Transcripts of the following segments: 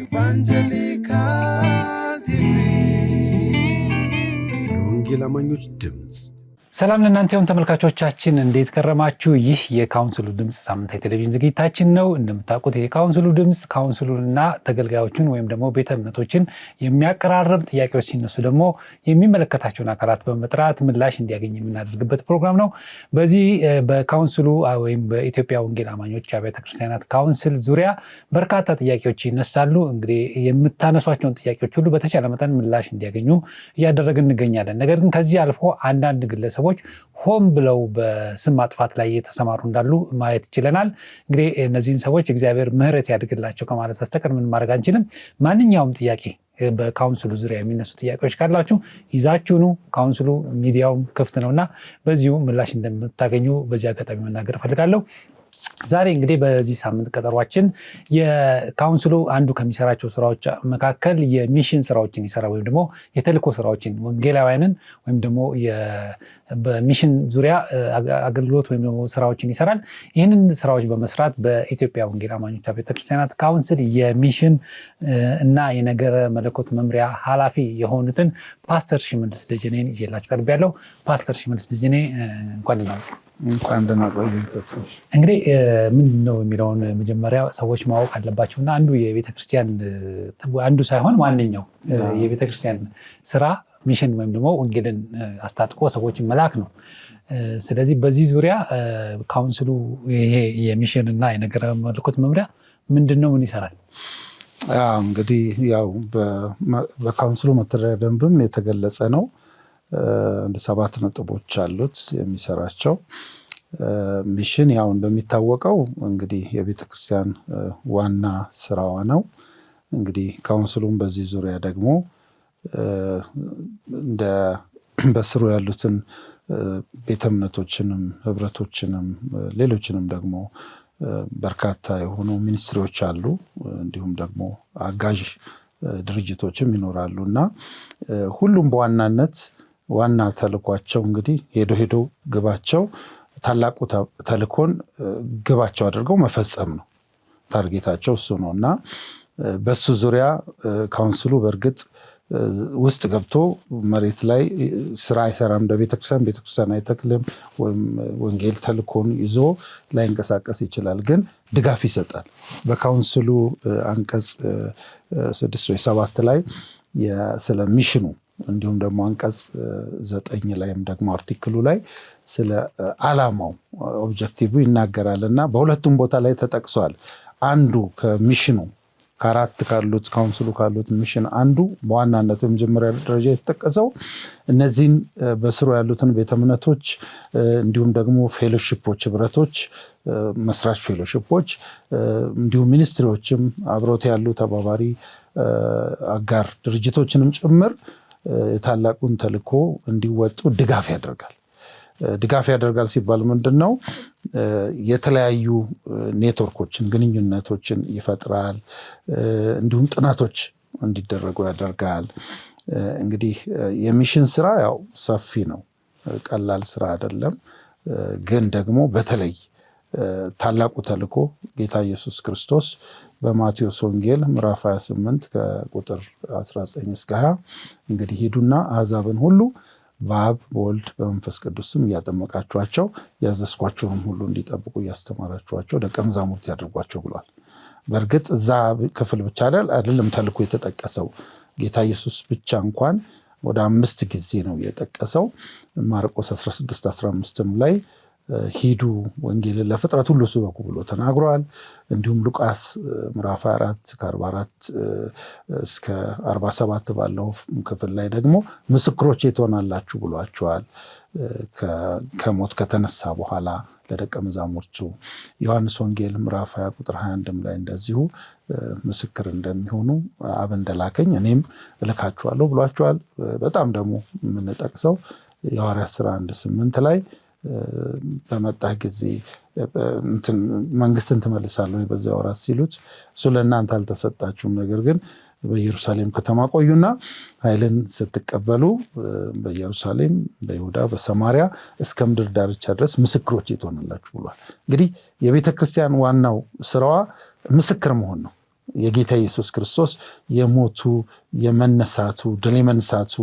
Evangelical TV የወንጌል አማኞች ድምፅ ሰላም ለእናንተ ይሁን ተመልካቾቻችን፣ እንዴት ከረማችሁ? ይህ የካውንስሉ ድምፅ ሳምንታዊ ቴሌቪዥን ዝግጅታችን ነው። እንደምታውቁት የካውንስሉ ድምፅ ካውንስሉንና ተገልጋዮችን ወይም ደግሞ ቤተ እምነቶችን የሚያቀራርብ ጥያቄዎች ሲነሱ ደግሞ የሚመለከታቸውን አካላት በመጥራት ምላሽ እንዲያገኝ የምናደርግበት ፕሮግራም ነው። በዚህ በካውንስሉ ወይም በኢትዮጵያ ወንጌል አማኞች አብያተ ክርስቲያናት ካውንስል ዙሪያ በርካታ ጥያቄዎች ይነሳሉ። እንግዲህ የምታነሷቸውን ጥያቄዎች ሁሉ በተቻለ መጠን ምላሽ እንዲያገኙ እያደረግን እንገኛለን። ነገር ግን ከዚህ አልፎ አንዳንድ ግለሰብ ግለሰቦች ሆን ብለው በስም ማጥፋት ላይ የተሰማሩ እንዳሉ ማየት ይችለናል። እንግዲህ እነዚህን ሰዎች እግዚአብሔር ምሕረት ያድግላቸው ከማለት በስተቀር ምን ማድረግ አንችልም። ማንኛውም ጥያቄ በካውንስሉ ዙሪያ የሚነሱ ጥያቄዎች ካላችሁ ይዛችሁኑ ካውንስሉ ሚዲያውም ክፍት ነውና በዚሁ ምላሽ እንደምታገኙ በዚህ አጋጣሚ መናገር እፈልጋለሁ። ዛሬ እንግዲህ በዚህ ሳምንት ቀጠሯችን የካውንስሉ አንዱ ከሚሰራቸው ስራዎች መካከል የሚሽን ስራዎችን ይሰራ ወይም ደግሞ የተልኮ ስራዎችን ወንጌላውያንን ወይም ደግሞ በሚሽን ዙሪያ አገልግሎት ወይም ደግሞ ስራዎችን ይሰራል። ይህንን ስራዎች በመስራት በኢትዮጵያ ወንጌል አማኞች ቤተክርስቲያናት ካውንስል የሚሽን እና የነገረ መለኮት መምሪያ ኃላፊ የሆኑትን ፓስተር ሽመልስ ደጀኔን ይዤላችሁ ቀርቤያለሁ። ፓስተር ሽመልስ ደጀኔ እንኳን እንግዲህ ምንድን ነው የሚለውን መጀመሪያ ሰዎች ማወቅ አለባቸው እና አንዱ የቤተክርስቲያን አንዱ ሳይሆን ዋነኛው የቤተክርስቲያን ስራ ሚሽን ወይም ደግሞ ወንጌልን አስታጥቆ ሰዎችን መላክ ነው። ስለዚህ በዚህ ዙሪያ ካውንስሉ ይሄ የሚሽን እና የነገረ መለኮት መምሪያ ምንድን ነው? ምን ይሰራል? እንግዲህ ያው በካውንስሉ መተዳደሪያ ደንብም የተገለጸ ነው። እንደ ሰባት ነጥቦች አሉት የሚሰራቸው ሚሽን ያው እንደሚታወቀው እንግዲህ የቤተ ክርስቲያን ዋና ስራዋ ነው። እንግዲህ ካውንስሉም በዚህ ዙሪያ ደግሞ እንደ በስሩ ያሉትን ቤተ እምነቶችንም ህብረቶችንም ሌሎችንም ደግሞ በርካታ የሆኑ ሚኒስትሪዎች አሉ። እንዲሁም ደግሞ አጋዥ ድርጅቶችም ይኖራሉ እና ሁሉም በዋናነት ዋና ተልኳቸው እንግዲህ ሄዶ ሄዶ ግባቸው ታላቁ ተልኮን ግባቸው አድርገው መፈጸም ነው። ታርጌታቸው እሱ ነው እና በሱ ዙሪያ ካውንስሉ በእርግጥ ውስጥ ገብቶ መሬት ላይ ስራ አይሰራም። እንደ ቤተክርስቲያን ቤተክርስቲያን አይተክልም ወይም ወንጌል ተልኮን ይዞ ላይንቀሳቀስ ይችላል፣ ግን ድጋፍ ይሰጣል። በካውንስሉ አንቀጽ ስድስት ወይ ሰባት ላይ ስለ ሚሽኑ እንዲሁም ደግሞ አንቀጽ ዘጠኝ ላይም ደግሞ አርቲክሉ ላይ ስለ አላማው ኦብጀክቲቭ ይናገራል እና በሁለቱም ቦታ ላይ ተጠቅሷል። አንዱ ከሚሽኑ ከአራት ካሉት ካውንስሉ ካሉት ሚሽን አንዱ በዋናነት በመጀመሪያ ደረጃ የተጠቀሰው እነዚህን በስሩ ያሉትን ቤተ እምነቶች እንዲሁም ደግሞ ፌሎሽፖች ህብረቶች፣ መስራች ፌሎሽፖች እንዲሁም ሚኒስትሪዎችም አብሮት ያሉ ተባባሪ አጋር ድርጅቶችንም ጭምር የታላቁን ተልእኮ እንዲወጡ ድጋፍ ያደርጋል። ድጋፍ ያደርጋል ሲባል ምንድን ነው? የተለያዩ ኔትወርኮችን፣ ግንኙነቶችን ይፈጥራል። እንዲሁም ጥናቶች እንዲደረጉ ያደርጋል። እንግዲህ የሚሽን ስራ ያው ሰፊ ነው፣ ቀላል ስራ አይደለም። ግን ደግሞ በተለይ ታላቁ ተልእኮ ጌታ ኢየሱስ ክርስቶስ በማቴዎስ ወንጌል ምዕራፍ 28 ከቁጥር 19 እስከ 20 እንግዲህ ሂዱና አሕዛብን ሁሉ በአብ በወልድ በመንፈስ ቅዱስ ስም እያጠመቃችኋቸው ያዘዝኳቸውንም ሁሉ እንዲጠብቁ እያስተማራችኋቸው ደቀ መዛሙርት ያደርጓቸው ብሏል። በእርግጥ እዛ ክፍል ብቻ አይደለም ተልእኮ የተጠቀሰው። ጌታ ኢየሱስ ብቻ እንኳን ወደ አምስት ጊዜ ነው የጠቀሰው። ማርቆስ 16 15 ላይ ሂዱ ወንጌልን ለፍጥረት ሁሉ ስበኩ ብሎ ተናግሯል። እንዲሁም ሉቃስ ምዕራፍ 24 ከ44 እስከ 47 ባለው ክፍል ላይ ደግሞ ምስክሮቼ ትሆናላችሁ ብሏቸዋል። ከሞት ከተነሳ በኋላ ለደቀ መዛሙርቱ ዮሐንስ ወንጌል ምዕራፍ 20 ቁጥር 21 ላይ እንደዚሁ ምስክር እንደሚሆኑ አብ እንደላከኝ እኔም እልካችኋለሁ ብሏቸዋል። በጣም ደግሞ የምንጠቅሰው የሐዋርያት ሥራ 1 8 ላይ በመጣህ ጊዜ መንግስትን ትመልሳለህ በዚያ ወራት ሲሉት እሱ ለእናንተ አልተሰጣችሁም፣ ነገር ግን በኢየሩሳሌም ከተማ ቆዩና ኃይልን ስትቀበሉ በኢየሩሳሌም፣ በይሁዳ፣ በሰማሪያ እስከ ምድር ዳርቻ ድረስ ምስክሮች ትሆናላችሁ ብሏል። እንግዲህ የቤተ ክርስቲያን ዋናው ስራዋ ምስክር መሆን ነው። የጌታ ኢየሱስ ክርስቶስ የሞቱ የመነሳቱ ድል የመንሳቱ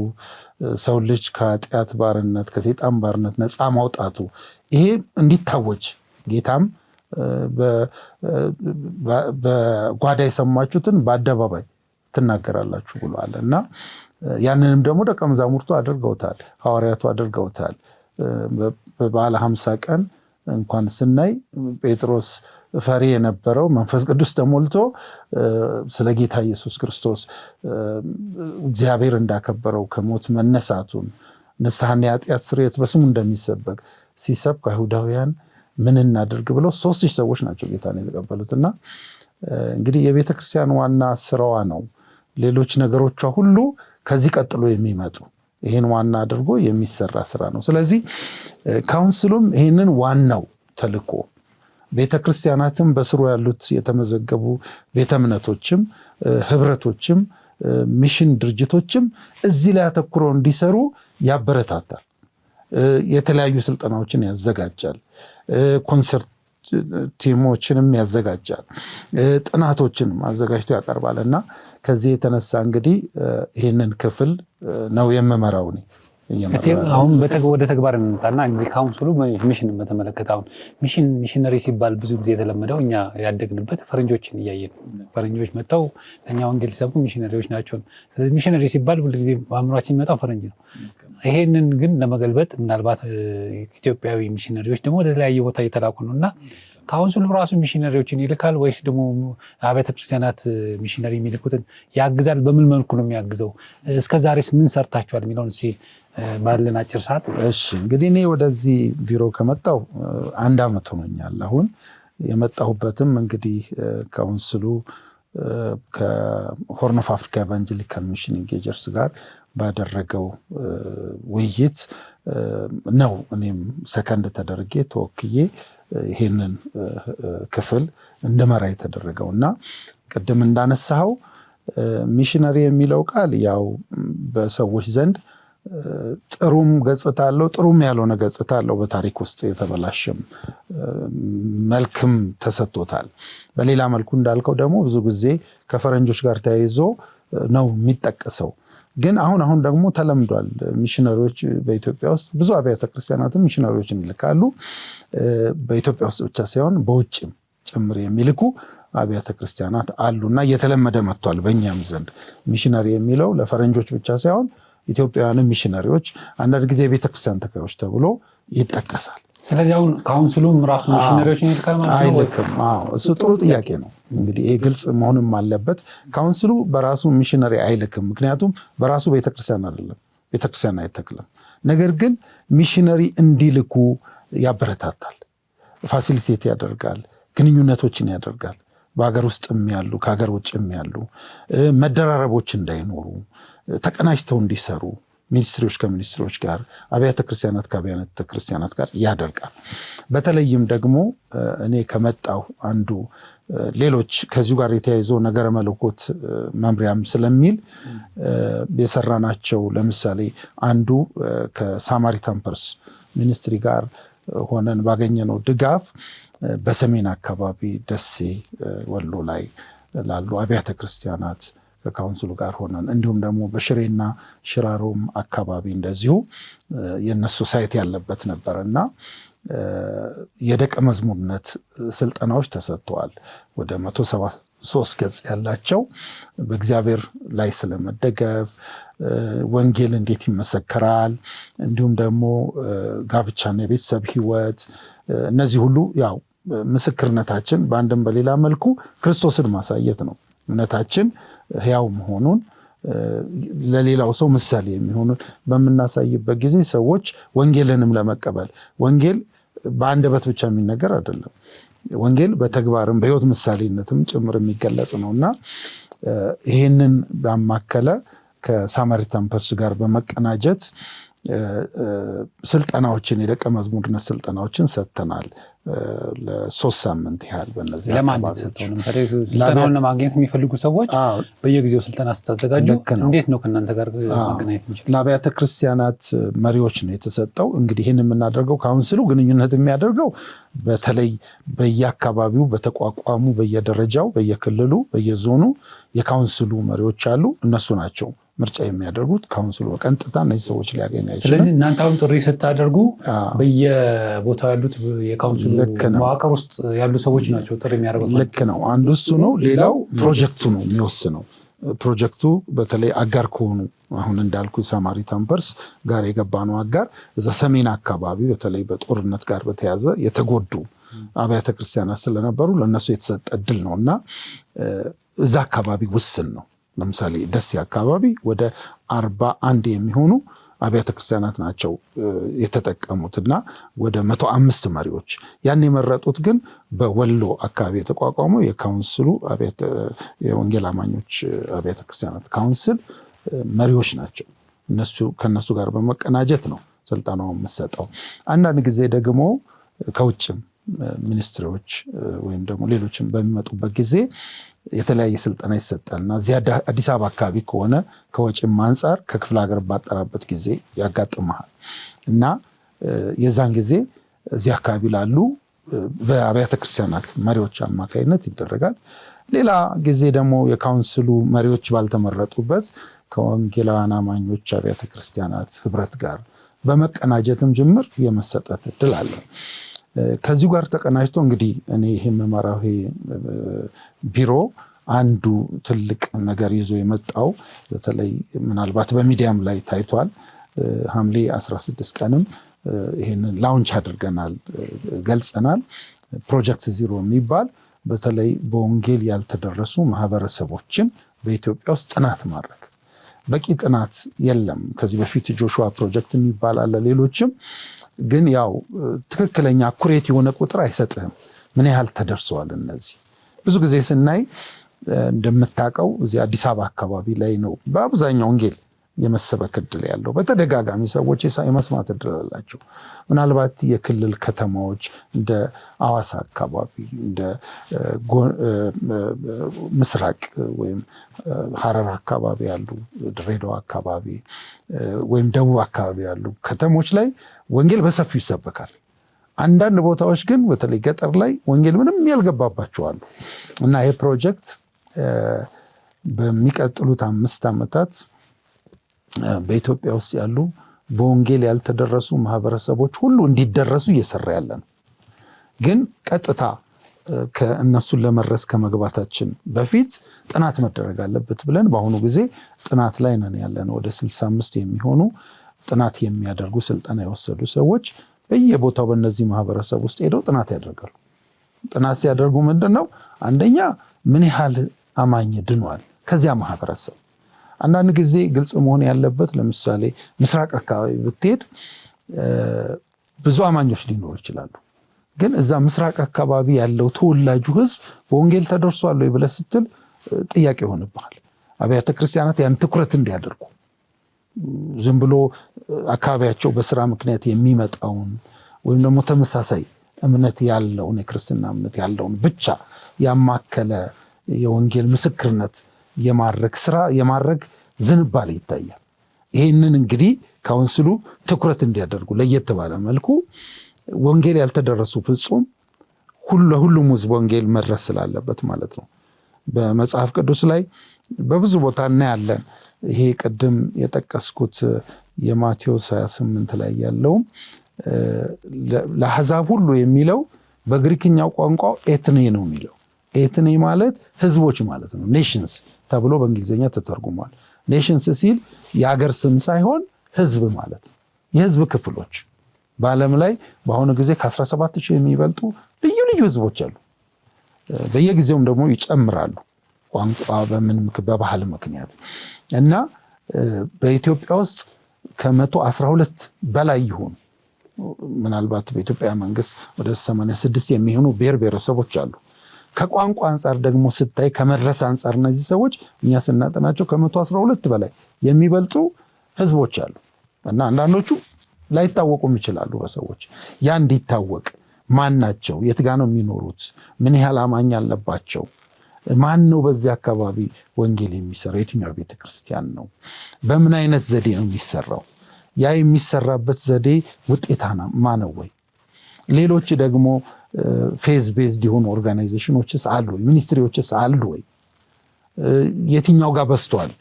ሰው ልጅ ከኃጢአት ባርነት ከሴጣን ባርነት ነፃ ማውጣቱ ይሄ እንዲታወጅ ጌታም በጓዳ የሰማችሁትን በአደባባይ ትናገራላችሁ ብለዋል እና ያንንም ደግሞ ደቀ መዛሙርቱ አድርገውታል፣ ሐዋርያቱ አድርገውታል። በበዓለ ሀምሳ ቀን እንኳን ስናይ ጴጥሮስ ፈሪ የነበረው መንፈስ ቅዱስ ተሞልቶ ስለ ጌታ ኢየሱስ ክርስቶስ እግዚአብሔር እንዳከበረው ከሞት መነሳቱን ንስሐን የኃጢአት ስርየት በስሙ እንደሚሰበክ ሲሰብክ አይሁዳውያን ምን እናድርግ ብለው ሶስት ሺህ ሰዎች ናቸው ጌታን የተቀበሉት። እና እንግዲህ የቤተ ክርስቲያን ዋና ስራዋ ነው። ሌሎች ነገሮቿ ሁሉ ከዚህ ቀጥሎ የሚመጡ ይህን ዋና አድርጎ የሚሰራ ስራ ነው። ስለዚህ ካውንስሉም ይህንን ዋናው ተልኮ። ቤተ ክርስቲያናትም በስሩ ያሉት የተመዘገቡ ቤተ እምነቶችም ህብረቶችም ሚሽን ድርጅቶችም እዚህ ላይ አተኩረው እንዲሰሩ ያበረታታል። የተለያዩ ስልጠናዎችን ያዘጋጃል። ኮንሰርት ቲሞችንም ያዘጋጃል። ጥናቶችንም አዘጋጅቶ ያቀርባል እና ከዚህ የተነሳ እንግዲህ ይህንን ክፍል ነው የምመራው እኔ። አሁን ወደ ተግባር እንምጣና እንግዲህ ካውንስሉ ሚሽን በተመለከተ አሁን ሚሽን ሚሽነሪ ሲባል ብዙ ጊዜ የተለመደው እኛ ያደግንበት ፈረንጆችን እያየን ፈረንጆች መጥተው ለእኛ ወንጌል ሲሰብኩ ሚሽነሪዎች ናቸው። ስለዚህ ሚሽነሪ ሲባል ሁልጊዜ አእምሯችን የሚመጣው ፈረንጅ ነው። ይሄንን ግን ለመገልበጥ ምናልባት ኢትዮጵያዊ ሚሽነሪዎች ደግሞ ወደተለያየ ቦታ እየተላኩ ነው እና ካውንስሉ ራሱ ሚሽነሪዎችን ይልካል ወይስ ደግሞ አብያተ ክርስቲያናት ሚሽነሪ የሚልኩትን ያግዛል? በምን መልኩ ነው የሚያግዘው? እስከዛሬስ ምን ሰርታችኋል የሚለውን እስኪ ባለን አጭር ሰዓት። እሺ እንግዲህ እኔ ወደዚህ ቢሮ ከመጣሁ አንድ አመት ሆኖኛል። አሁን የመጣሁበትም እንግዲህ ካውንስሉ ከሆርን ኦፍ አፍሪካ ኤቫንጀሊካል ሚሽን ኢንጌጀርስ ጋር ባደረገው ውይይት ነው። እኔም ሰከንድ ተደርጌ ተወክዬ ይህንን ክፍል እንድመራ የተደረገው እና ቅድም እንዳነሳኸው ሚሽነሪ የሚለው ቃል ያው በሰዎች ዘንድ ጥሩም ገጽታ አለው፣ ጥሩም ያልሆነ ገጽታ አለው። በታሪክ ውስጥ የተበላሸም መልክም ተሰጥቶታል። በሌላ መልኩ እንዳልከው ደግሞ ብዙ ጊዜ ከፈረንጆች ጋር ተያይዞ ነው የሚጠቀሰው። ግን አሁን አሁን ደግሞ ተለምዷል። ሚሽነሪዎች በኢትዮጵያ ውስጥ ብዙ አብያተ ክርስቲያናትም ሚሽነሪዎችን ይልካሉ። በኢትዮጵያ ውስጥ ብቻ ሳይሆን በውጭም ጭምር የሚልኩ አብያተ ክርስቲያናት አሉ እና እየተለመደ መጥቷል። በእኛም ዘንድ ሚሽነሪ የሚለው ለፈረንጆች ብቻ ሳይሆን ኢትዮጵያውያንም ሚሽነሪዎች፣ አንዳንድ ጊዜ የቤተክርስቲያን ተካዮች ተብሎ ይጠቀሳል። ስለዚህ አሁን ካውንስሉም ራሱ ሚሽነሪዎች ይልካል ማለት ነው። አይልክም? እሱ ጥሩ ጥያቄ ነው። እንግዲህ ይሄ ግልጽ መሆንም አለበት። ካውንስሉ በራሱ ሚሽነሪ አይልክም፣ ምክንያቱም በራሱ ቤተክርስቲያን አይደለም፣ ቤተክርስቲያን አይተክልም። ነገር ግን ሚሽነሪ እንዲልኩ ያበረታታል፣ ፋሲሊቴት ያደርጋል፣ ግንኙነቶችን ያደርጋል። በሀገር ውስጥም ያሉ ከሀገር ውጭም ያሉ መደራረቦች እንዳይኖሩ ተቀናጅተው እንዲሰሩ ሚኒስትሪዎች ከሚኒስትሮች ጋር፣ አብያተ ክርስቲያናት ከአብያተ ክርስቲያናት ጋር ያደርጋል። በተለይም ደግሞ እኔ ከመጣው አንዱ ሌሎች ከዚሁ ጋር የተያይዞ ነገረ መለኮት መምሪያም ስለሚል የሰራናቸው ለምሳሌ አንዱ ከሳማሪታን ፐርስ ሚኒስትሪ ጋር ሆነን ባገኘነው ድጋፍ በሰሜን አካባቢ ደሴ ወሎ ላይ ላሉ አብያተ ክርስቲያናት ከካውንስሉ ጋር ሆነን እንዲሁም ደግሞ በሽሬና ሽራሮም አካባቢ እንደዚሁ የእነሱ ሳይት ያለበት ነበር እና የደቀ መዝሙርነት ስልጠናዎች ተሰጥተዋል። ወደ መቶ ሰባ ሶስት ገጽ ያላቸው በእግዚአብሔር ላይ ስለመደገፍ ወንጌል እንዴት ይመሰከራል፣ እንዲሁም ደግሞ ጋብቻና የቤተሰብ ህይወት እነዚህ ሁሉ ያው ምስክርነታችን በአንድም በሌላ መልኩ ክርስቶስን ማሳየት ነው እምነታችን ህያው መሆኑን ለሌላው ሰው ምሳሌ የሚሆኑን በምናሳይበት ጊዜ ሰዎች ወንጌልንም ለመቀበል ወንጌል በአንደበት ብቻ የሚነገር አይደለም። ወንጌል በተግባርም በህይወት ምሳሌነትም ጭምር የሚገለጽ ነው እና ይህንን ባማከለ ከሳማሪታን ፐርስ ጋር በመቀናጀት ስልጠናዎችን የደቀ መዝሙርነት ስልጠናዎችን ሰጥተናል። ለሶስት ሳምንት ያህል በነዚህ ስልጠናውን ለማግኘት የሚፈልጉ ሰዎች በየጊዜው ስልጠና ስታዘጋጁ እንዴት ነው ከእናንተ ጋር ማገናኘት የሚችለው? ለአብያተ ክርስቲያናት መሪዎች ነው የተሰጠው። እንግዲህ ይህን የምናደርገው ካውንስሉ ግንኙነት የሚያደርገው በተለይ በየአካባቢው በተቋቋሙ በየደረጃው፣ በየክልሉ፣ በየዞኑ የካውንስሉ መሪዎች አሉ። እነሱ ናቸው ምርጫ የሚያደርጉት ካውንስሉ በቀጥታ እነዚህ ሰዎች ሊያገኝ አይችልም። ስለዚህ እናንተ አሁን ጥሪ ስታደርጉ በየቦታው ያሉት የካውንስሉ መዋቅር ውስጥ ያሉ ሰዎች ናቸው ጥሪ የሚያደርጉት። ልክ ነው። አንዱ እሱ ነው። ሌላው ፕሮጀክቱ ነው የሚወስነው። ፕሮጀክቱ በተለይ አጋር ከሆኑ አሁን እንዳልኩ የሳማሪ ታምፐርስ ጋር የገባ ነው አጋር እዛ ሰሜን አካባቢ በተለይ በጦርነት ጋር በተያዘ የተጎዱ አብያተ ክርስቲያናት ስለነበሩ ለእነሱ የተሰጠ እድል ነው እና እዛ አካባቢ ውስን ነው ለምሳሌ ደሴ አካባቢ ወደ አርባ አንድ የሚሆኑ አብያተ ክርስቲያናት ናቸው የተጠቀሙት እና ወደ መቶ አምስት መሪዎች ያን የመረጡት ግን በወሎ አካባቢ የተቋቋመው የካውንስሉ የወንጌል አማኞች አብያተ ክርስቲያናት ካውንስል መሪዎች ናቸው። እነሱ ከነሱ ጋር በመቀናጀት ነው ስልጠናው የምሰጠው። አንዳንድ ጊዜ ደግሞ ከውጭም ሚኒስትሮች ወይም ደግሞ ሌሎችም በሚመጡበት ጊዜ የተለያየ ስልጠና ይሰጣል እና እዚህ አዲስ አበባ አካባቢ ከሆነ ከወጪም አንጻር ከክፍለ ሀገር ባጠራበት ጊዜ ያጋጥመሃል እና የዛን ጊዜ እዚህ አካባቢ ላሉ በአብያተ ክርስቲያናት መሪዎች አማካኝነት ይደረጋል። ሌላ ጊዜ ደግሞ የካውንስሉ መሪዎች ባልተመረጡበት ከወንጌላውያን አማኞች አብያተ ክርስቲያናት ህብረት ጋር በመቀናጀትም ጅምር የመሰጠት እድል አለ። ከዚሁ ጋር ተቀናጅቶ እንግዲህ እኔ ይሄ መማራዊ ቢሮ አንዱ ትልቅ ነገር ይዞ የመጣው በተለይ ምናልባት በሚዲያም ላይ ታይቷል። ሐምሌ 16 ቀንም ይሄንን ላውንች አድርገናል፣ ገልጸናል። ፕሮጀክት ዚሮ የሚባል በተለይ በወንጌል ያልተደረሱ ማህበረሰቦችን በኢትዮጵያ ውስጥ ጥናት ማድረግ በቂ ጥናት የለም። ከዚህ በፊት ጆሹዋ ፕሮጀክት የሚባል አለ። ሌሎችም ግን ያው ትክክለኛ ኩሬት የሆነ ቁጥር አይሰጥህም። ምን ያህል ተደርሰዋል? እነዚህ ብዙ ጊዜ ስናይ እንደምታውቀው እዚህ አዲስ አበባ አካባቢ ላይ ነው በአብዛኛው ወንጌል የመሰበክ እድል ያለው በተደጋጋሚ ሰዎች የመስማት እድል አላቸው። ምናልባት የክልል ከተማዎች እንደ አዋሳ አካባቢ እንደ ምስራቅ ወይም ሀረር አካባቢ ያሉ፣ ድሬዳዋ አካባቢ ወይም ደቡብ አካባቢ ያሉ ከተሞች ላይ ወንጌል በሰፊው ይሰበካል። አንዳንድ ቦታዎች ግን በተለይ ገጠር ላይ ወንጌል ምንም ያልገባባቸዋሉ እና ይህ ፕሮጀክት በሚቀጥሉት አምስት ዓመታት በኢትዮጵያ ውስጥ ያሉ በወንጌል ያልተደረሱ ማህበረሰቦች ሁሉ እንዲደረሱ እየሰራ ያለ ነው። ግን ቀጥታ ከእነሱን ለመድረስ ከመግባታችን በፊት ጥናት መደረግ አለበት ብለን በአሁኑ ጊዜ ጥናት ላይ ነን ያለን። ወደ 65 የሚሆኑ ጥናት የሚያደርጉ ስልጠና የወሰዱ ሰዎች በየቦታው በእነዚህ ማህበረሰብ ውስጥ ሄደው ጥናት ያደርጋሉ። ጥናት ሲያደርጉ ምንድን ነው አንደኛ ምን ያህል አማኝ ድኗል ከዚያ ማህበረሰብ አንዳንድ ጊዜ ግልጽ መሆን ያለበት ለምሳሌ ምስራቅ አካባቢ ብትሄድ ብዙ አማኞች ሊኖሩ ይችላሉ። ግን እዛ ምስራቅ አካባቢ ያለው ተወላጁ ህዝብ በወንጌል ተደርሷል ወይ ብለህ ስትል ጥያቄ ይሆንብሃል። አብያተ ክርስቲያናት ያን ትኩረት እንዲያደርጉ ዝም ብሎ አካባቢያቸው በስራ ምክንያት የሚመጣውን ወይም ደግሞ ተመሳሳይ እምነት ያለውን የክርስትና እምነት ያለውን ብቻ ያማከለ የወንጌል ምስክርነት የማድረግ ስራ የማድረግ ዝንባሌ ይታያል። ይህንን እንግዲህ ካውንስሉ ትኩረት እንዲያደርጉ ለየት ባለ መልኩ ወንጌል ያልተደረሱ ፍጹም ለሁሉም ህዝብ ወንጌል መድረስ ስላለበት ማለት ነው። በመጽሐፍ ቅዱስ ላይ በብዙ ቦታ እናያለን። ይሄ ቅድም የጠቀስኩት የማቴዎስ 28 ላይ ያለውም ለአሕዛብ ሁሉ የሚለው በግሪክኛው ቋንቋ ኤትኔ ነው የሚለው። ኤትኔ ማለት ህዝቦች ማለት ነው ኔሽንስ ተብሎ በእንግሊዝኛ ተተርጉሟል። ኔሽንስ ሲል የአገር ስም ሳይሆን ህዝብ ማለት የህዝብ ክፍሎች በዓለም ላይ በአሁኑ ጊዜ ከ17 ሺህ የሚበልጡ ልዩ ልዩ ህዝቦች አሉ። በየጊዜውም ደግሞ ይጨምራሉ፣ ቋንቋ በምን በባህል ምክንያት እና በኢትዮጵያ ውስጥ ከመቶ 12 በላይ ይሁን ምናልባት በኢትዮጵያ መንግስት ወደ 86 የሚሆኑ ብሔር ብሔረሰቦች አሉ። ከቋንቋ አንጻር ደግሞ ስታይ ከመድረስ አንጻር እነዚህ ሰዎች እኛ ስናጠናቸው ከመቶ አስራ ሁለት በላይ የሚበልጡ ህዝቦች አሉ እና አንዳንዶቹ ላይታወቁም ይችላሉ በሰዎች ያ እንዲታወቅ ማን ናቸው፣ የት ጋ ነው የሚኖሩት፣ ምን ያህል አማኝ አለባቸው፣ ማን ነው በዚህ አካባቢ ወንጌል የሚሰራው የትኛው ቤተ ክርስቲያን ነው፣ በምን አይነት ዘዴ ነው የሚሰራው፣ ያ የሚሰራበት ዘዴ ውጤታማ ነው ወይ ሌሎች ደግሞ ፌዝ ቤዝድ የሆኑ ኦርጋናይዜሽኖችስ አሉ ወይ? ሚኒስትሪዎችስ አሉ ወይ? የትኛው ጋር በስቷል፣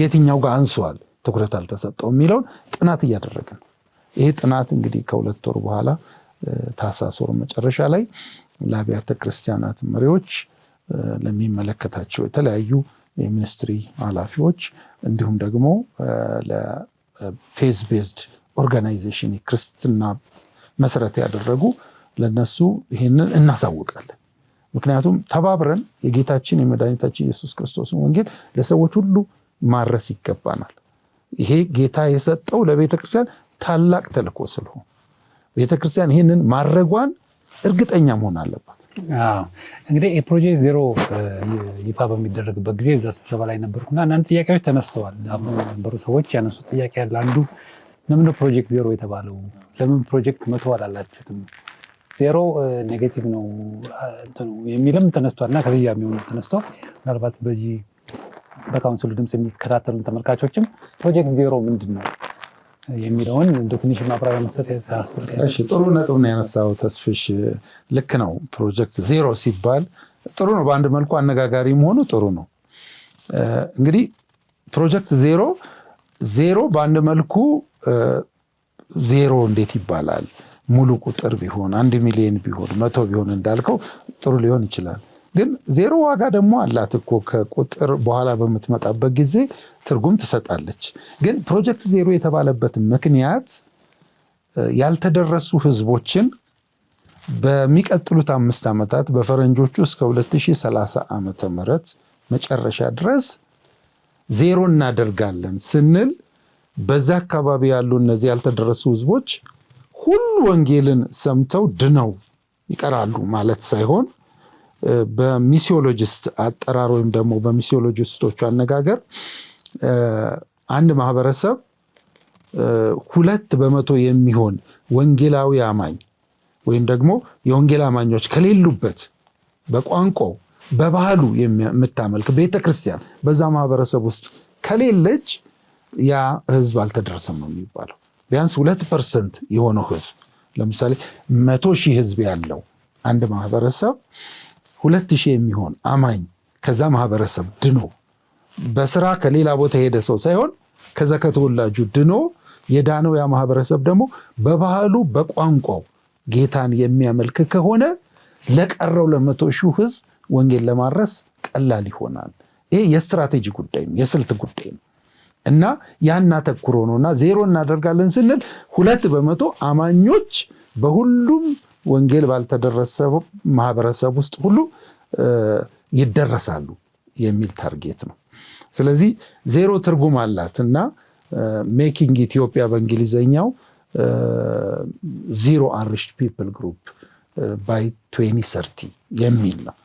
የትኛው ጋር አንሷል፣ ትኩረት አልተሰጠው የሚለውን ጥናት እያደረገ ነው። ይሄ ጥናት እንግዲህ ከሁለት ወር በኋላ ታህሳስ ወር መጨረሻ ላይ ለአብያተ ክርስቲያናት መሪዎች፣ ለሚመለከታቸው የተለያዩ የሚኒስትሪ ኃላፊዎች እንዲሁም ደግሞ ለፌዝ ቤዝድ ኦርጋናይዜሽን የክርስትና መሰረት ያደረጉ ለነሱ ይሄንን እናሳውቃለን። ምክንያቱም ተባብረን የጌታችን የመድኃኒታችን ኢየሱስ ክርስቶስን ወንጌል ለሰዎች ሁሉ ማድረስ ይገባናል። ይሄ ጌታ የሰጠው ለቤተ ክርስቲያን ታላቅ ተልእኮ ስለሆነ ቤተ ክርስቲያን ይህንን ማድረጓን እርግጠኛ መሆን አለባት። እንግዲህ የፕሮጀክት ዜሮ ይፋ በሚደረግበት ጊዜ እዛ ስብሰባ ላይ ነበርኩና እናንተ ጥያቄዎች ተነስተዋል። ነበሩ ሰዎች ያነሱት ጥያቄ ያለ አንዱ ለምን ፕሮጀክት ዜሮ የተባለው? ለምን ፕሮጀክት መቶ አላላችሁትም? ዜሮ ኔጌቲቭ ነው የሚልም ተነስቷል እና ከዚህ የሚሆኑ ተነስቶ ምናልባት በዚህ በካውንስሉ ድምፅ የሚከታተሉን ተመልካቾችም ፕሮጀክት ዜሮ ምንድን ነው የሚለውን እንደ ትንሽ ማብራሪያ መስጠት ጥሩ ነጥብ ነው ያነሳው ተስፍሽ። ልክ ነው። ፕሮጀክት ዜሮ ሲባል ጥሩ ነው፣ በአንድ መልኩ አነጋጋሪ መሆኑ ጥሩ ነው። እንግዲህ ፕሮጀክት ዜሮ ዜሮ በአንድ መልኩ ዜሮ እንዴት ይባላል? ሙሉ ቁጥር ቢሆን አንድ ሚሊዮን ቢሆን መቶ ቢሆን እንዳልከው ጥሩ ሊሆን ይችላል። ግን ዜሮ ዋጋ ደግሞ አላት እኮ ከቁጥር በኋላ በምትመጣበት ጊዜ ትርጉም ትሰጣለች። ግን ፕሮጀክት ዜሮ የተባለበት ምክንያት ያልተደረሱ ህዝቦችን በሚቀጥሉት አምስት ዓመታት በፈረንጆቹ እስከ 2030 ዓመተ ምህረት መጨረሻ ድረስ ዜሮ እናደርጋለን ስንል በዛ አካባቢ ያሉ እነዚህ ያልተደረሱ ህዝቦች ሁሉ ወንጌልን ሰምተው ድነው ይቀራሉ ማለት ሳይሆን በሚሲዮሎጂስት አጠራር ወይም ደግሞ በሚሲዮሎጂስቶቹ አነጋገር አንድ ማህበረሰብ ሁለት በመቶ የሚሆን ወንጌላዊ አማኝ ወይም ደግሞ የወንጌል አማኞች ከሌሉበት በቋንቋው በባህሉ የምታመልክ ቤተ ክርስቲያን በዛ ማህበረሰብ ውስጥ ከሌለች ያ ህዝብ አልተደረሰም ነው የሚባለው። ቢያንስ ሁለት ፐርሰንት የሆነው ህዝብ ለምሳሌ መቶ ሺህ ህዝብ ያለው አንድ ማህበረሰብ ሁለት ሺህ የሚሆን አማኝ ከዛ ማህበረሰብ ድኖ በስራ ከሌላ ቦታ የሄደ ሰው ሳይሆን ከዛ ከተወላጁ ድኖ የዳነው ያ ማህበረሰብ ደግሞ በባህሉ በቋንቋው ጌታን የሚያመልክ ከሆነ ለቀረው ለመቶ ሺው ህዝብ ወንጌል ለማድረስ ቀላል ይሆናል። ይሄ የስትራቴጂ ጉዳይ ነው፣ የስልት ጉዳይ ነው። እና ያና ተኩሮ ነው እና ዜሮ እናደርጋለን ስንል ሁለት በመቶ አማኞች በሁሉም ወንጌል ባልተደረሰ ማህበረሰብ ውስጥ ሁሉ ይደረሳሉ የሚል ታርጌት ነው። ስለዚህ ዜሮ ትርጉም አላት እና ሜኪንግ ኢትዮጵያ በእንግሊዘኛው ዚሮ አንሪሽድ ፒፕል ግሩፕ ባይ 2030 የሚል ነው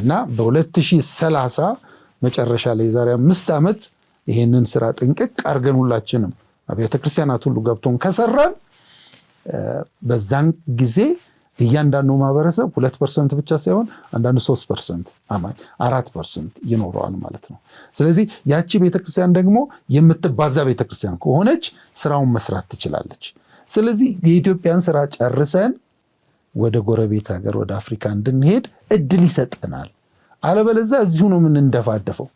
እና በ2030 መጨረሻ ላይ የዛሬ አምስት ዓመት ይሄንን ስራ ጥንቅቅ አድርገን ሁላችንም አብያተ ክርስቲያናት ሁሉ ገብቶን ከሰራን በዛን ጊዜ እያንዳንዱ ማህበረሰብ ሁለት ፐርሰንት ብቻ ሳይሆን አንዳንዱ ሶስት ፐርሰንት አማኝ አራት ፐርሰንት ይኖረዋል ማለት ነው። ስለዚህ ያቺ ቤተክርስቲያን ደግሞ የምትባዛ ቤተክርስቲያን ከሆነች ስራውን መስራት ትችላለች። ስለዚህ የኢትዮጵያን ስራ ጨርሰን ወደ ጎረቤት ሀገር ወደ አፍሪካ እንድንሄድ እድል ይሰጠናል። አለበለዚያ እዚሁ ነው የምንንደፋደፈው።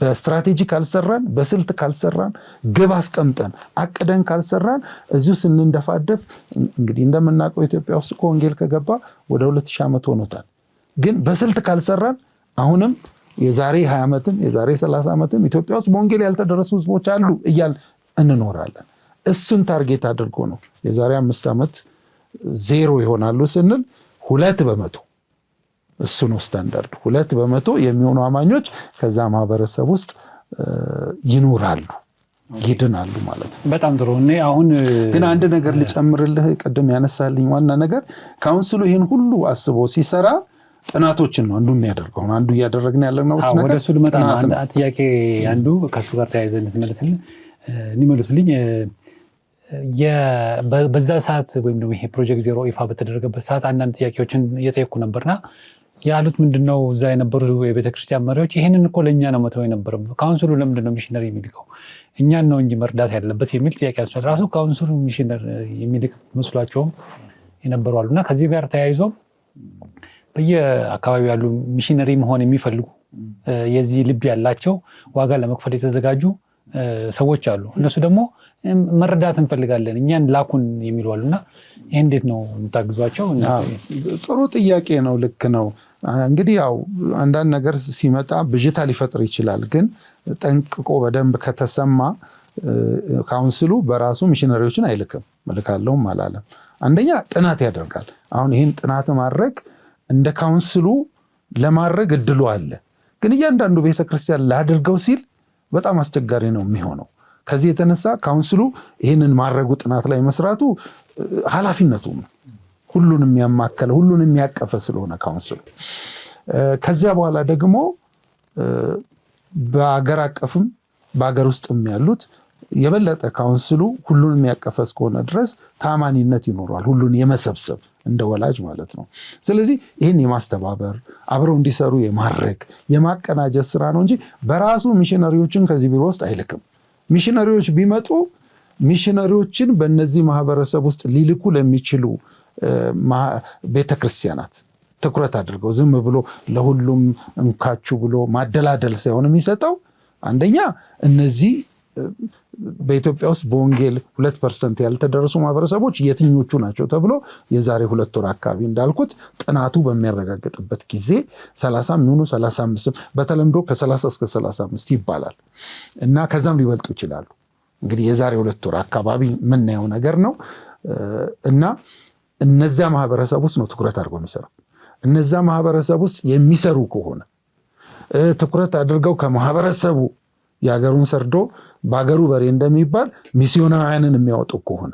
በስትራቴጂ ካልሰራን በስልት ካልሰራን ግብ አስቀምጠን አቅደን ካልሰራን እዚሁ ስንንደፋደፍ እንግዲህ እንደምናውቀው ኢትዮጵያ ውስጥ እኮ ወንጌል ከገባ ወደ ሁለት ሺህ ዓመት ሆኖታል። ግን በስልት ካልሰራን አሁንም የዛሬ ሀያ ዓመትም የዛሬ ሰላሳ ዓመትም ኢትዮጵያ ውስጥ በወንጌል ያልተደረሱ ህዝቦች አሉ እያል እንኖራለን። እሱን ታርጌት አድርጎ ነው የዛሬ አምስት ዓመት ዜሮ ይሆናሉ ስንል ሁለት በመቶ እሱ ነው ስታንዳርድ። ሁለት በመቶ የሚሆኑ አማኞች ከዛ ማህበረሰብ ውስጥ ይኖራሉ ይድናሉ ማለት ነው። በጣም ጥሩ። እኔ አሁን ግን አንድ ነገር ልጨምርልህ፣ ቅድም ያነሳልኝ ዋና ነገር ካውንስሉ ይህን ሁሉ አስቦ ሲሰራ ጥናቶችን ነው አንዱ የሚያደርገው አሁን አንዱ እያደረግን ያለነው ወደ እሱ ልመጣ ጥያቄ አንዱ ከሱ ጋር ተያይዘ እንድትመልስልን እንዲመልሱልኝ በዛ ሰዓት ወይም ደግሞ ይሄ ፕሮጀክት ዜሮ ይፋ በተደረገበት ሰዓት አንዳንድ ጥያቄዎችን እየጠየኩ ነበርና ያሉት ምንድነው? እዛ የነበሩ የቤተክርስቲያን መሪዎች ይህንን እኮ ለእኛ ነው መተው የነበረ። ካውንስሉ ለምንድነው ሚሽነሪ የሚልከው? እኛን ነው እንጂ መርዳት ያለበት የሚል ጥያቄ አንስቷል። ራሱ ካውንስሉ ሚሽነር የሚልክ መስሏቸውም የነበሩ አሉ እና ከዚህ ጋር ተያይዞ በየአካባቢው ያሉ ሚሽነሪ መሆን የሚፈልጉ የዚህ ልብ ያላቸው ዋጋ ለመክፈል የተዘጋጁ ሰዎች አሉ። እነሱ ደግሞ መረዳት እንፈልጋለን እኛን ላኩን የሚሉ አሉና ይህ እንዴት ነው የምታግዟቸው? ጥሩ ጥያቄ ነው። ልክ ነው። እንግዲህ ያው አንዳንድ ነገር ሲመጣ ብዥታ ሊፈጥር ይችላል። ግን ጠንቅቆ በደንብ ከተሰማ ካውንስሉ በራሱ ሚሽነሪዎችን አይልክም። እልካለሁም አላለም። አንደኛ ጥናት ያደርጋል። አሁን ይህን ጥናት ማድረግ እንደ ካውንስሉ ለማድረግ እድሉ አለ። ግን እያንዳንዱ ቤተክርስቲያን ላድርገው ሲል በጣም አስቸጋሪ ነው የሚሆነው። ከዚህ የተነሳ ካውንስሉ ይህንን ማድረጉ ጥናት ላይ መስራቱ ኃላፊነቱ ሁሉን የሚያማከለ ሁሉን የሚያቀፈ ስለሆነ ካውንስሉ ከዚያ በኋላ ደግሞ በአገር አቀፍም በአገር ውስጥም ያሉት የበለጠ ካውንስሉ ሁሉን የሚያቀፈ እስከሆነ ድረስ ታማኒነት ይኖረዋል ሁሉን የመሰብሰብ እንደ ወላጅ ማለት ነው። ስለዚህ ይህን የማስተባበር አብረው እንዲሰሩ የማድረግ የማቀናጀት ስራ ነው እንጂ በራሱ ሚሽነሪዎችን ከዚህ ቢሮ ውስጥ አይልክም። ሚሽነሪዎች ቢመጡ ሚሽነሪዎችን በእነዚህ ማህበረሰብ ውስጥ ሊልኩ ለሚችሉ ቤተክርስቲያናት ትኩረት አድርገው ዝም ብሎ ለሁሉም እንካችሁ ብሎ ማደላደል ሳይሆን የሚሰጠው አንደኛ እነዚህ በኢትዮጵያ ውስጥ በወንጌል ሁለት ፐርሰንት ያልተደረሱ ማህበረሰቦች የትኞቹ ናቸው ተብሎ የዛሬ ሁለት ወር አካባቢ እንዳልኩት ጥናቱ በሚያረጋግጥበት ጊዜ ሰላሳ የሚሆኑ ሰላሳ አምስት በተለምዶ ከሰላሳ እስከ ሰላሳ አምስት ይባላል እና ከዛም ሊበልጡ ይችላሉ። እንግዲህ የዛሬ ሁለት ወር አካባቢ የምናየው ነገር ነው እና እነዚያ ማህበረሰብ ውስጥ ነው ትኩረት አድርገው የሚሰራው። እነዚያ ማህበረሰብ ውስጥ የሚሰሩ ከሆነ ትኩረት አድርገው ከማህበረሰቡ የሀገሩን ሰርዶ በሀገሩ በሬ እንደሚባል ሚስዮናውያንን የሚያወጡ ከሆነ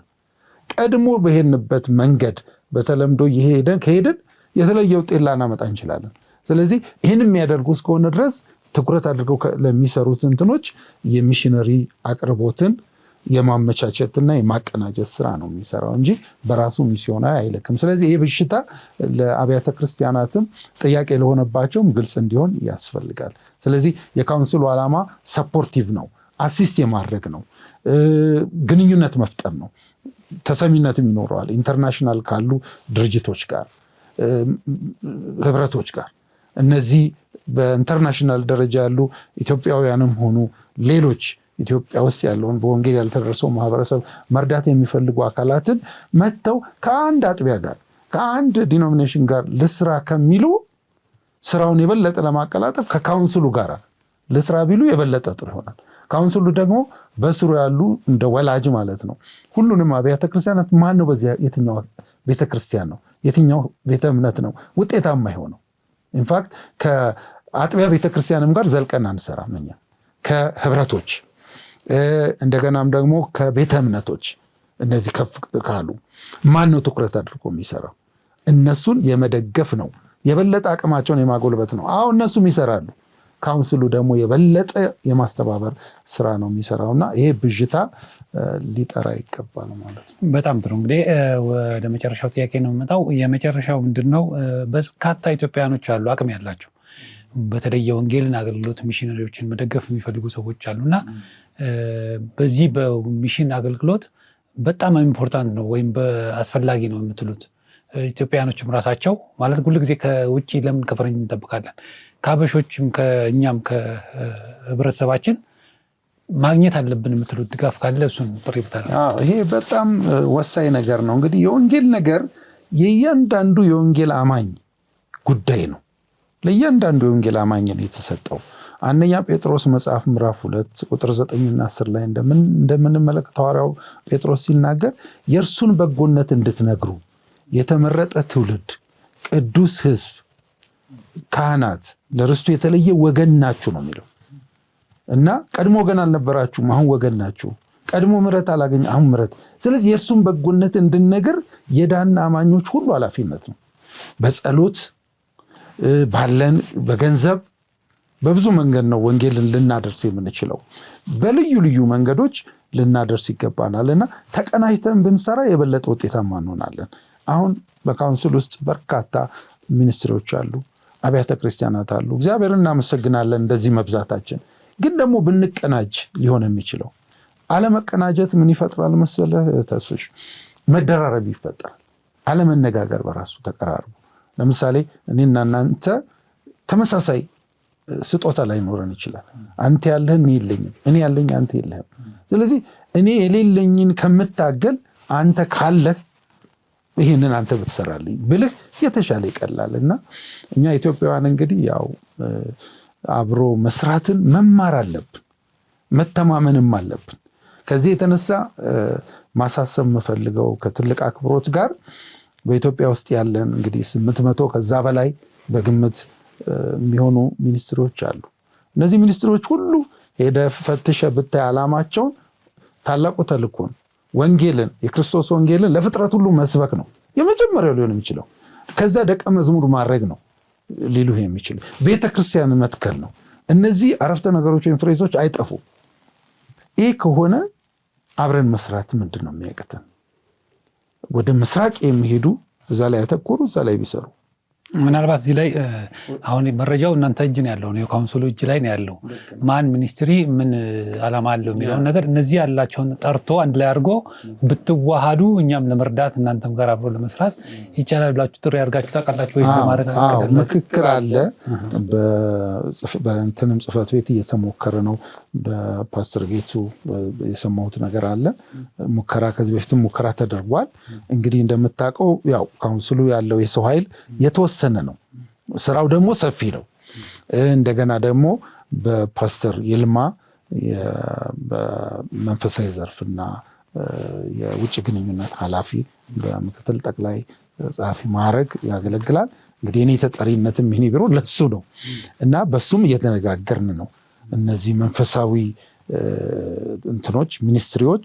ቀድሞ በሄድንበት መንገድ በተለምዶ ይሄደን ከሄድን የተለየ ውጤት ላናመጣ እንችላለን። ስለዚህ ይህን የሚያደርጉ እስከሆነ ድረስ ትኩረት አድርገው ለሚሰሩት እንትኖች የሚሽነሪ አቅርቦትን የማመቻቸትና የማቀናጀት ስራ ነው የሚሰራው እንጂ በራሱ ሚስዮናዊ አይልክም። ስለዚህ ይህ በሽታ ለአብያተ ክርስቲያናትም ጥያቄ ለሆነባቸውም ግልጽ እንዲሆን ያስፈልጋል። ስለዚህ የካውንስሉ ዓላማ ሰፖርቲቭ ነው፣ አሲስት የማድረግ ነው፣ ግንኙነት መፍጠር ነው። ተሰሚነትም ይኖረዋል ኢንተርናሽናል ካሉ ድርጅቶች ጋር፣ ህብረቶች ጋር እነዚህ በኢንተርናሽናል ደረጃ ያሉ ኢትዮጵያውያንም ሆኑ ሌሎች ኢትዮጵያ ውስጥ ያለውን በወንጌል ያልተደረሰው ማህበረሰብ መርዳት የሚፈልጉ አካላትን መጥተው ከአንድ አጥቢያ ጋር ከአንድ ዲኖሚኔሽን ጋር ልስራ ከሚሉ ስራውን የበለጠ ለማቀላጠፍ ከካውንስሉ ጋር ልስራ ቢሉ የበለጠ ጥሩ ይሆናል። ካውንስሉ ደግሞ በስሩ ያሉ እንደ ወላጅ ማለት ነው። ሁሉንም አብያተ ክርስቲያናት ማን ነው በዚያ የትኛው ቤተ ክርስቲያን ነው የትኛው ቤተ እምነት ነው ውጤታማ የሆነው? ኢንፋክት ከአጥቢያ ቤተ ክርስቲያንም ጋር ዘልቀን አንሰራም እኛ ከህብረቶች እንደገናም ደግሞ ከቤተ እምነቶች እነዚህ ከፍ ካሉ ማን ነው ትኩረት አድርጎ የሚሰራው? እነሱን የመደገፍ ነው፣ የበለጠ አቅማቸውን የማጎልበት ነው። አሁ እነሱም ይሰራሉ። ካውንስሉ ደግሞ የበለጠ የማስተባበር ስራ ነው እና ይሄ ብዥታ ሊጠራ ይገባል ማለት ነው። በጣም ጥሩ እንግዲህ ወደ መጨረሻው ጥያቄ ነው የምመጣው። የመጨረሻው ምንድን ነው? በርካታ ኢትዮጵያውያኖች አሉ አቅም ያላቸው በተለይ የወንጌልን አገልግሎት ሚሽነሪዎችን መደገፍ የሚፈልጉ ሰዎች አሉና በዚህ በሚሽን አገልግሎት በጣም ኢምፖርታንት ነው ወይም አስፈላጊ ነው የምትሉት ኢትዮጵያኖችም ራሳቸው ማለት ሁል ጊዜ ከውጭ ለምን ከፈረኝ እንጠብቃለን? ከአበሾችም ከእኛም ከህብረተሰባችን ማግኘት አለብን የምትሉት ድጋፍ ካለ እሱን ጥሪ ብታል። ይሄ በጣም ወሳኝ ነገር ነው። እንግዲህ የወንጌል ነገር የእያንዳንዱ የወንጌል አማኝ ጉዳይ ነው። ለእያንዳንዱ የወንጌል አማኝ ነው የተሰጠው። አንደኛ ጴጥሮስ መጽሐፍ ምዕራፍ ሁለት ቁጥር ዘጠኝና አስር ላይ እንደምንመለከተው ሐዋርያው ጴጥሮስ ሲናገር የእርሱን በጎነት እንድትነግሩ የተመረጠ ትውልድ፣ ቅዱስ ሕዝብ፣ ካህናት፣ ለርስቱ የተለየ ወገን ናችሁ ነው የሚለው እና ቀድሞ ወገን አልነበራችሁም፣ አሁን ወገን ናችሁ። ቀድሞ ምረት አላገኝ፣ አሁን ምረት። ስለዚህ የእርሱን በጎነት እንድንነግር የዳና አማኞች ሁሉ ኃላፊነት ነው በጸሎት ባለን በገንዘብ በብዙ መንገድ ነው ወንጌልን ልናደርስ የምንችለው። በልዩ ልዩ መንገዶች ልናደርስ ይገባናል እና ተቀናጅተን ብንሰራ የበለጠ ውጤታማ እንሆናለን። አሁን በካውንስል ውስጥ በርካታ ሚኒስትሮች አሉ፣ አብያተ ክርስቲያናት አሉ። እግዚአብሔር እናመሰግናለን እንደዚህ መብዛታችን። ግን ደግሞ ብንቀናጅ ሊሆን የሚችለው አለመቀናጀት ምን ይፈጥራል መሰለህ? ተሶች መደራረብ ይፈጠራል። አለመነጋገር በራሱ ተቀራርቦ ለምሳሌ እኔና እናንተ ተመሳሳይ ስጦታ ላይኖረን ይችላል። አንተ ያለህ እኔ የለኝም፣ እኔ ያለኝ አንተ የለህም። ስለዚህ እኔ የሌለኝን ከምታገል አንተ ካለህ ይህንን አንተ ብትሰራልኝ ብልህ የተሻለ ይቀላል። እና እኛ ኢትዮጵያውያን እንግዲህ ያው አብሮ መስራትን መማር አለብን፣ መተማመንም አለብን። ከዚህ የተነሳ ማሳሰብ የምፈልገው ከትልቅ አክብሮት ጋር በኢትዮጵያ ውስጥ ያለን እንግዲህ ስምንት መቶ ከዛ በላይ በግምት የሚሆኑ ሚኒስትሮች አሉ። እነዚህ ሚኒስትሮች ሁሉ ሄደ ፈትሸ ብታይ ዓላማቸውን ታላቁ ተልኮን ወንጌልን የክርስቶስ ወንጌልን ለፍጥረት ሁሉ መስበክ ነው የመጀመሪያው ሊሆን የሚችለው። ከዛ ደቀ መዝሙር ማድረግ ነው ሊሉ የሚችሉ ቤተ ክርስቲያን መትከል ነው። እነዚህ አረፍተ ነገሮች ወይም ፍሬዞች አይጠፉ። ይህ ከሆነ አብረን መስራት ምንድን ነው የሚያቅተን? ወደ ምስራቅ የሚሄዱ እዛ ላይ ያተኮሩ እዛ ላይ ቢሰሩ ምናልባት እዚህ ላይ አሁን መረጃው እናንተ እጅ ነው ያለው፣ የካውንስሉ እጅ ላይ ነው ያለው። ማን ሚኒስትሪ ምን አላማ አለው የሚለውን ነገር እነዚህ ያላቸውን ጠርቶ አንድ ላይ አድርጎ ብትዋሃዱ እኛም ለመርዳት እናንተም ጋር አብሮ ለመስራት ይቻላል ብላችሁ ጥሪ አድርጋችሁ ታውቃላችሁ ወይስ ለማድረግ ምክክር አለ? በእንትንም ጽሕፈት ቤት እየተሞከረ ነው። በፓስተር ጌቱ የሰማሁት ነገር አለ። ሙከራ ከዚህ በፊትም ሙከራ ተደርጓል። እንግዲህ እንደምታውቀው ያው ካውንስሉ ያለው የሰው ኃይል የተወሰነ የተወሰነ ነው። ስራው ደግሞ ሰፊ ነው። እንደገና ደግሞ በፓስተር ይልማ በመንፈሳዊ ዘርፍና የውጭ ግንኙነት ኃላፊ በምክትል ጠቅላይ ጸሐፊ ማዕረግ ያገለግላል። እንግዲህ እኔ ተጠሪነትም ይህን ቢሮ ለሱ ነው እና በሱም እየተነጋገርን ነው። እነዚህ መንፈሳዊ እንትኖች ሚኒስትሪዎች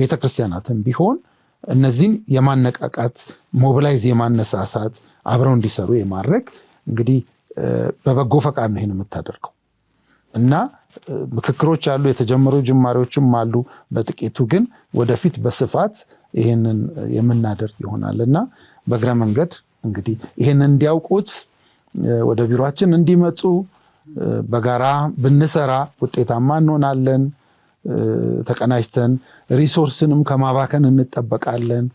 ቤተክርስቲያናትን ቢሆን እነዚህን የማነቃቃት ሞቢላይዝ የማነሳሳት አብረው እንዲሰሩ የማድረግ እንግዲህ በበጎ ፈቃድ ነው ይህን የምታደርገው እና ምክክሮች አሉ፣ የተጀመሩ ጅማሬዎችም አሉ። በጥቂቱ ግን ወደፊት በስፋት ይህንን የምናደርግ ይሆናል እና በእግረ መንገድ እንግዲህ ይህን እንዲያውቁት ወደ ቢሮችን እንዲመጡ በጋራ ብንሰራ ውጤታማ እንሆናለን። ተቀናጅተን ሪሶርስንም ከማባከን እንጠበቃለን።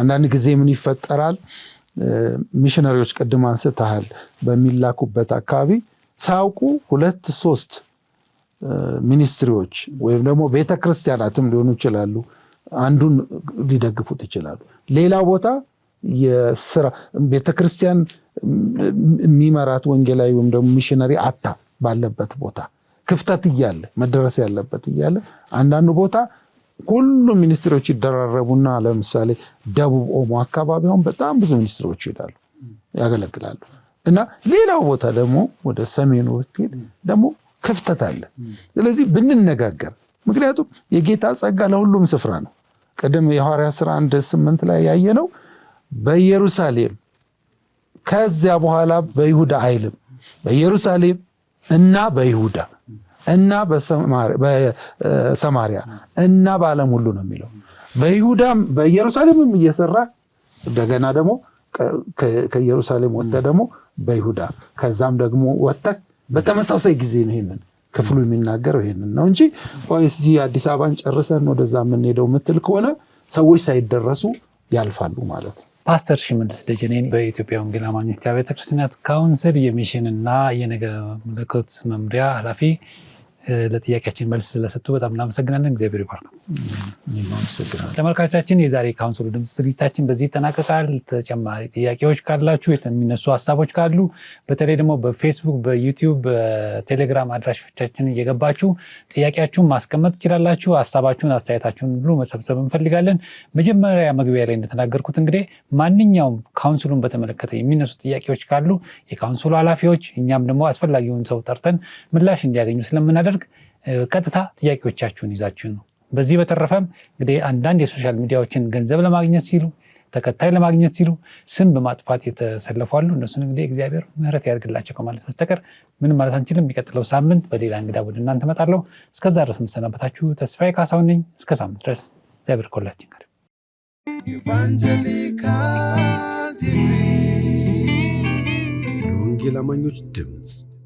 አንዳንድ ጊዜ ምን ይፈጠራል? ሚሽነሪዎች ቅድም አንስተሃል፣ በሚላኩበት አካባቢ ሳያውቁ ሁለት ሶስት ሚኒስትሪዎች ወይም ደግሞ ቤተ ክርስቲያናትም ሊሆኑ ይችላሉ፣ አንዱን ሊደግፉት ይችላሉ። ሌላ ቦታ የስራ ቤተ ክርስቲያን የሚመራት ወንጌላዊ ወይም ደግሞ ሚሽነሪ አታ ባለበት ቦታ ክፍተት እያለ መደረስ ያለበት እያለ አንዳንዱ ቦታ ሁሉም ሚኒስትሮች ይደራረቡና ለምሳሌ ደቡብ ኦሞ አካባቢ አሁን በጣም ብዙ ሚኒስትሮች ይሄዳሉ ያገለግላሉ። እና ሌላው ቦታ ደግሞ ወደ ሰሜኑ ብትሄድ ደግሞ ክፍተት አለ። ስለዚህ ብንነጋገር፣ ምክንያቱም የጌታ ጸጋ ለሁሉም ስፍራ ነው። ቅድም የሐዋርያ ስራ አንድ ስምንት ላይ ያየ ነው። በኢየሩሳሌም ከዚያ በኋላ በይሁዳ አይልም፣ በኢየሩሳሌም እና በይሁዳ እና በሰማሪያ እና በዓለም ሁሉ ነው የሚለው። በይሁዳም በኢየሩሳሌምም እየሰራ እንደገና ደግሞ ከኢየሩሳሌም ወጥተ ደግሞ በይሁዳ ከዛም ደግሞ ወጥተ በተመሳሳይ ጊዜ ነው ይሄንን ክፍሉ የሚናገረው ይሄንን ነው እንጂ ቆይ እዚህ አዲስ አበባን ጨርሰን ወደዛ የምንሄደው የምትል ከሆነ ሰዎች ሳይደረሱ ያልፋሉ ማለት ነው። ፓስተር ሽመልስ ደጀኔን በኢትዮጵያ ወንጌል አማኞች ቤተክርስቲያናት ካውንስል የሚሽንና የነገረ መለኮት መምሪያ ኃላፊ ለጥያቄያችን መልስ ስለሰጡ በጣም እናመሰግናለን። እግዚአብሔር ይባርክ። ተመልካቾቻችን የዛሬ ካውንስሉ ድምፅ ዝግጅታችን በዚህ ይጠናቀቃል። ተጨማሪ ጥያቄዎች ካላችሁ፣ የሚነሱ ሀሳቦች ካሉ በተለይ ደግሞ በፌስቡክ፣ በዩቲዩብ፣ በቴሌግራም አድራሾቻችን እየገባችሁ ጥያቄያችሁን ማስቀመጥ ትችላላችሁ። ሀሳባችሁን፣ አስተያየታችሁን ሁሉ መሰብሰብ እንፈልጋለን። መጀመሪያ መግቢያ ላይ እንደተናገርኩት እንግዲህ ማንኛውም ካውንስሉን በተመለከተ የሚነሱ ጥያቄዎች ካሉ የካውንስሉ ኃላፊዎች እኛም ደግሞ አስፈላጊውን ሰው ጠርተን ምላሽ እንዲያገኙ ስለምናደርግ ስናደርግ ቀጥታ ጥያቄዎቻችሁን ይዛችሁ ነው። በዚህ በተረፈም እንግዲህ አንዳንድ የሶሻል ሚዲያዎችን ገንዘብ ለማግኘት ሲሉ ተከታይ ለማግኘት ሲሉ ስም በማጥፋት የተሰለፉ አሉ። እነሱን እንግዲህ እግዚአብሔር ምሕረት ያደርግላቸው ከማለት በስተቀር ምንም ማለት አንችልም። የሚቀጥለው ሳምንት በሌላ እንግዳ ወደ እናንተ እመጣለሁ። እስከዛ ድረስ የምሰናበታችሁ ተስፋዬ ካሳሁን ነኝ። እስከ ሳምንት ድረስ እግዚአብሔር ከሁላችን ጋር ኢቫንጀሊካል ቲቪ የወንጌል አማኞች ድምፅ